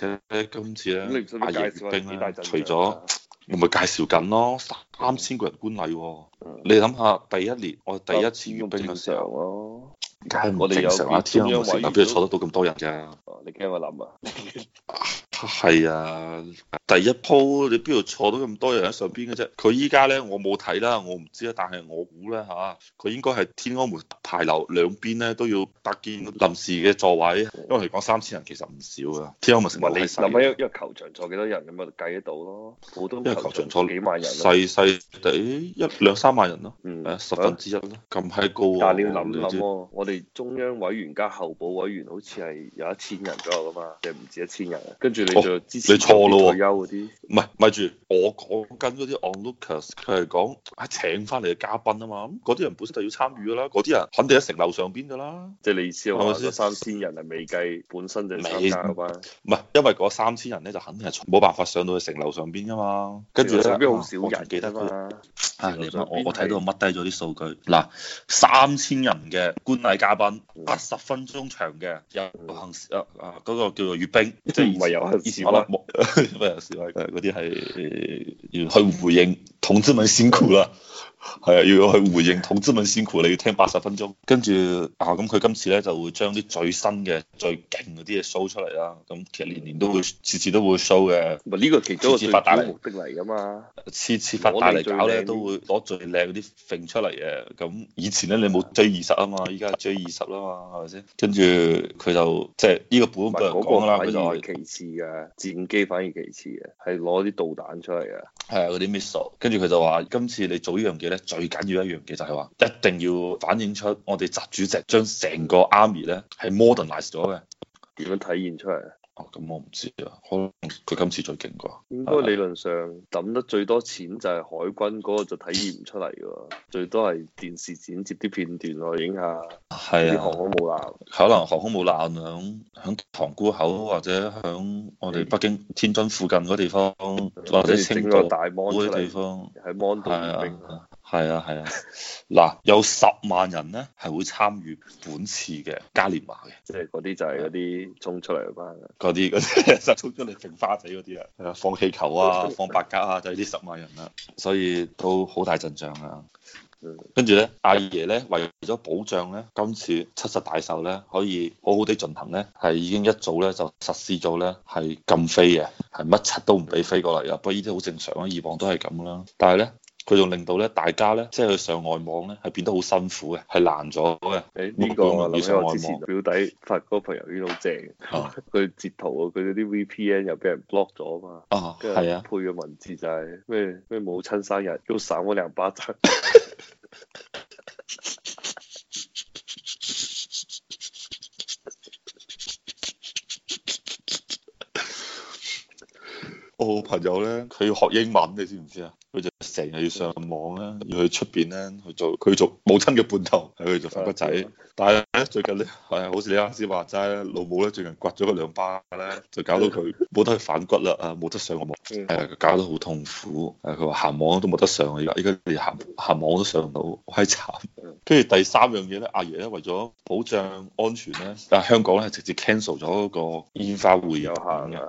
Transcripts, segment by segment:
而且今次咧，阿葉閱兵、啊、除咗我咪介紹緊咯，三千個人觀禮。嗯、你諗下第一年我第一次閱兵嘅時候咯，啊啊、我哋有中央位，邊度后、啊、坐得到咁多人㗎？你驚我諗啊？係啊.！ 第一鋪你邊度坐到咁多人喺上邊嘅啫？佢依家咧我冇睇啦，我唔知啊。但係我估咧嚇，佢應該係天安門牌樓兩邊咧都要搭建臨時嘅座位。因為嚟講三千人其實唔少嘅。天安門成日開細。諗下一個球場坐幾多人咁咪計得到咯？一個球場坐幾萬人，細細地一，小小小小一兩三萬人咯。嗯。十分之一咯。咁係的高啊！但你要諗諗喎，我哋中央委員加候補委員好似係有一千人左右㗎嘛，定唔止一千人？啊？跟住你就之前、哦。你錯咯。啲唔係，咪住我講跟嗰啲 onlookers，佢係講請翻嚟嘅嘉賓啊嘛，咁嗰啲人本身就要參與噶啦，嗰啲人肯定喺城樓上邊噶啦。即係你意思話，嗰三千人係未計本身嘅嘉賓。唔係沒吧，因為嗰三千人咧就肯定係冇辦法上到去城樓上邊噶嘛。跟住咧，好少人記得佢、啊。啊！我我睇到乜低咗啲數據嗱，三千人嘅觀禮嘉賓，八十分鐘長嘅遊行，啊啊嗰個叫做閱兵，即係唔係遊行？以前我覺得，咪有時話誒去回應，同志們辛苦啦。係啊，要我去回應統資文先苦，你要聽八十分鐘，跟住啊咁佢今次咧就會將啲最新嘅最勁嗰啲嘢 show 出嚟啦。咁其實年年都會，次、嗯、次都會 show 嘅。唔係呢個其中一個目的嚟噶嘛，次次發彈嚟搞咧都會攞最靚嗰啲揈出嚟嘅。咁以前咧你冇追二十啊嘛，依家係追二十啦嘛，係咪先？跟住佢就即係呢個本唔係啦，佢就其次嘅著戰機反而其次嘅，係攞啲導彈出嚟嘅。係啊，嗰啲 missile。跟住佢就話今次你做呢樣嘢。咧最緊要一樣嘢就係話，一定要反映出我哋習主席將成個 Army 咧係 modernize 咗嘅。點樣體現出嚟哦，咁我唔知啊，可能佢今次最勁啩。應該理論上揼得的最多錢就係海軍嗰個，就體現唔出嚟㗎喎。最多係電視剪接啲片段咯，影下啊，啲的航空母艦。可能航空冇艦響響塘沽口或者響我哋北京、天津附近嗰地方，的或者青島嗰啲地方，喺 model 係啊，係啊，嗱、啊、 有十萬人咧係會參與本次嘅嘉年華嘅，即係嗰啲就係嗰啲衝出嚟嘅班，嗰啲嗰啲就衝出嚟整花仔嗰啲啊，係 啊放氣球啊 放白鴿啊就係呢十萬人啦， 所以都好大陣仗啊。跟住咧，阿爺咧為咗保障咧，今次七十大壽咧可以好好地進行咧，係已經一早咧就實施咗咧係禁飛嘅，係乜柒都唔俾飛過嚟啊！不過呢啲好正常啊，以往都係咁啦。但係咧。佢仲令到咧大家咧，即係去上外網咧，係變得好辛苦嘅，係難咗嘅。誒、欸，呢、這個我留意到。之前表弟發嗰個朋友圈好正，佢、哦、 截圖啊，佢嗰啲 VPN 又俾人 block 咗啊嘛。哦，係啊，配嘅文字就係咩咩母親生日都省咗兩巴掌。 朋友咧，佢要學英文，你知唔知啊？佢就成日要上網啦，要去出邊啦，去做佢做母親嘅叛徒，係去做反骨仔。但係咧最近咧，係啊，好似你啱先話齋，老母咧最近刮咗佢兩巴咧，就搞到佢冇得去反骨啦啊，冇得上網，係啊，搞到好痛苦。係佢話行網都冇得上，而家而家連行行網都上唔到，好閪慘。跟住第三樣嘢咧，阿爺咧為咗保障安全咧，但係香港咧直接 cancel 咗嗰個煙花會有限嘅。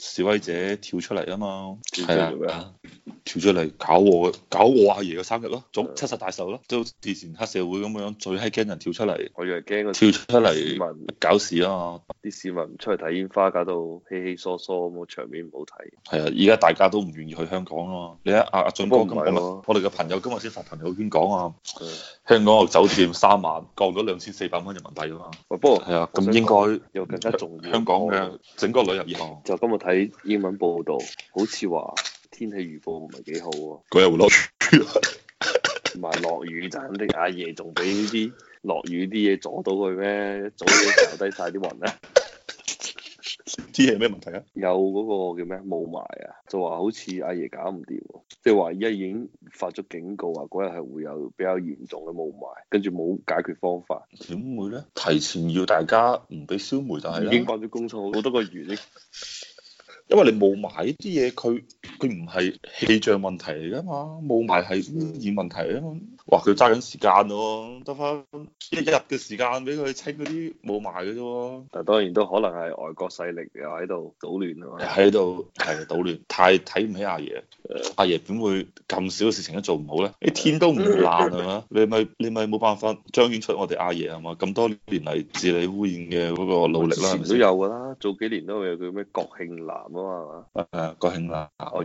示威者跳出嚟啊嘛，係啊，跳出嚟搞我，搞我阿爺嘅生日咯，祝七十大壽咯，都似以前黑社會咁樣最係驚人跳出嚟，我以為驚佢跳出嚟，搞事啊嘛，啲市民唔出去睇煙花，搞到稀稀疏疏咁個場面唔好睇。係啊，而家大家都唔願意去香港咯，你睇阿俊哥今日，我哋嘅朋友今日先發朋友圈講啊，香港個酒店三萬降咗兩千四百蚊人民幣啊嘛，不過係啊，咁應該又更加重要。香港嘅整個旅遊業就今日。喺英文報道，好似話天氣預報唔係幾好、啊。嗰日會落雨，同埋落雨，就肯定阿爺仲俾啲落雨啲嘢阻到佢咩？早啲掉低晒啲雲啊！知係咩問題啊？有嗰個叫咩霧霾啊？就話好似阿爺搞唔掂、啊，即係話而家已經發咗警告，話嗰日係會有比較嚴重嘅霧霾，跟住冇解決方法。點會咧？提前要大家唔俾燒煤就係已經關咗工廠好多個月。 因為你霧霾呢啲嘢，佢。佢唔係氣象問題嚟噶嘛，霧霾係污染問題啊嘛。哇！佢揸緊時間咯、啊，得翻一日嘅時間俾佢清嗰啲霧霾嘅啫。但係當然都可能係外國勢力又喺度搗亂啊嘛。喺度係搗亂，太睇唔起阿爺。 阿爺點會咁少嘅事情都做唔好咧？啲天都唔藍啊嘛！你咪你咪冇辦法彰顯出我哋阿爺係、啊、嘛？咁多年嚟治理污染嘅嗰個努力係係啦，係咪？都有㗎啦，早幾年都有佢咩國慶藍啊嘛。係係 國慶藍。閱兵藍定啲乜嘢？啊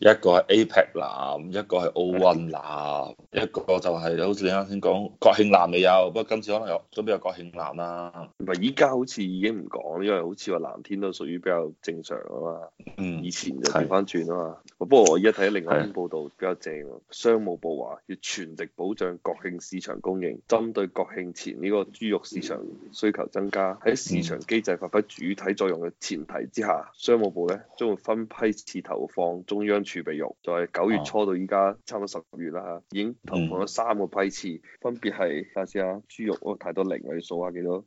一個係 APEC 藍，一個係奧運藍，的一個就係、是、好似你啱先講國慶藍未有，不過今次可能有，最屘有國慶藍啦。唔係依家好似已經唔講，因為好似話藍天都屬於比較正常啊嘛。嗯。以前就調翻轉啊嘛。的不過我依家睇另外一篇報道比較正，的商務部話要全力保障國慶市場供應，針對國慶前呢個豬肉市場需求增加，喺市場機制發揮主體作用嘅前提之下，嗯嗯、商務部咧將會分批次投放中央。儲備肉就係九月初到依家差唔多十月啦，已經投放咗三個批次，分別係睇下先啊，豬肉太多零位你數下幾多？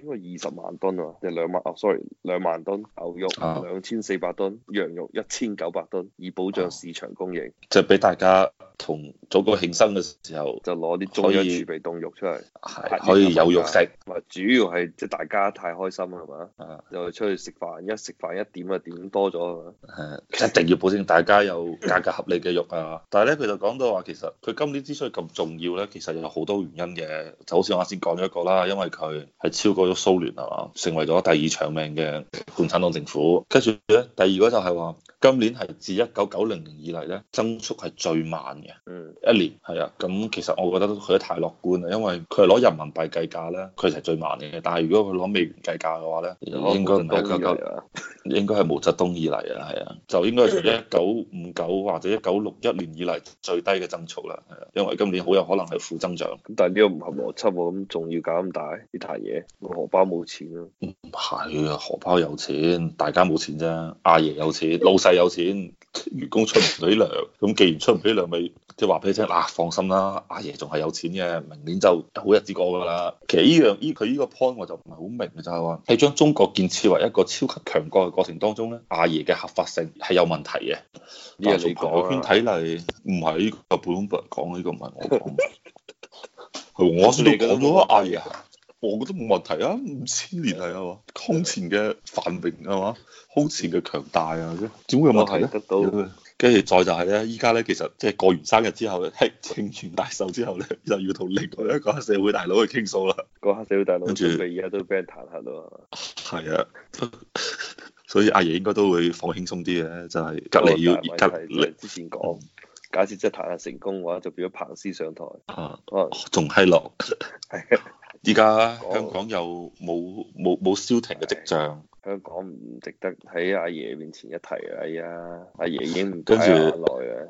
應該二十萬噸啊，即係兩萬？哦，sorry，兩萬噸牛肉，兩千四百噸，羊肉一千九百噸，以保障市場供應。就俾大家同祖國慶生嘅時候，就攞啲中央儲備凍肉出嚟，係可以有肉食。話主要係即係大家太開心啦，係嘛？又出去食飯，一食飯一點啊點多咗啊嘛，係一定要保。大家有價格合理嘅肉啊！但係咧，佢就講到話，其實佢今年之所以咁重要咧，其實有好多原因嘅。就好似我啱先講咗一個啦，因為佢係超過咗蘇聯啊嘛，成為咗第二長命嘅共產黨政府。跟住咧，第二個就係話。今年係自一九九零年以嚟咧，增速係最慢嘅。嗯，一年係啊，咁其實我覺得佢都太樂觀啦，因為佢係攞人民幣計價咧，佢係最慢嘅。但係如果佢攞美元計價嘅話咧，應該唔係應該係毛澤東以嚟啊，係啊，就應該係從一九五九或者一九六一年以嚟最低嘅增速啦。係啊，因為今年好有可能係負增長。咁但係呢個唔合邏輯喎，咁仲要搞咁大呢？大嘢，荷包冇錢咯。唔係啊，荷包有錢，大家冇錢啫。阿爺有錢，老細。有錢員工出唔到啲糧，咁既然出唔到啲糧，咪即係話俾佢聽啊，放心啦，阿爺仲係有錢嘅，明年就好日子過噶啦。其實呢樣依佢呢個 point 我就唔係好明，就係話喺將中國建設為一個超級強國嘅過程當中咧，阿爺嘅合法性係有問題嘅。呢啲你講，我先睇嚟唔係呢個普通講呢、呢個唔係我講， 我先都講咗的、啊、阿爺。我覺得冇問題啊！五千年係啊嘛，空前嘅繁榮啊嘛，空前嘅強大啊，點會有問題得到，跟住再就係咧，依家咧其實即係過完生日之後，係慶完大壽之後咧，又要同另外一個黑社會大佬去傾訴啦。個黑社會大佬，準備而家都俾人彈劾咯。係啊，所以阿爺應該都會放輕鬆啲嘅，就係隔離要隔離。之前講，假設即係彈劾成功嘅話，就變咗彭斯上台啊，可能仲閪樂。依家香港沒有冇冇冇消停嘅迹象的，香港唔值得喺阿爺面前一提啊！阿爺已經了跟睇得咁耐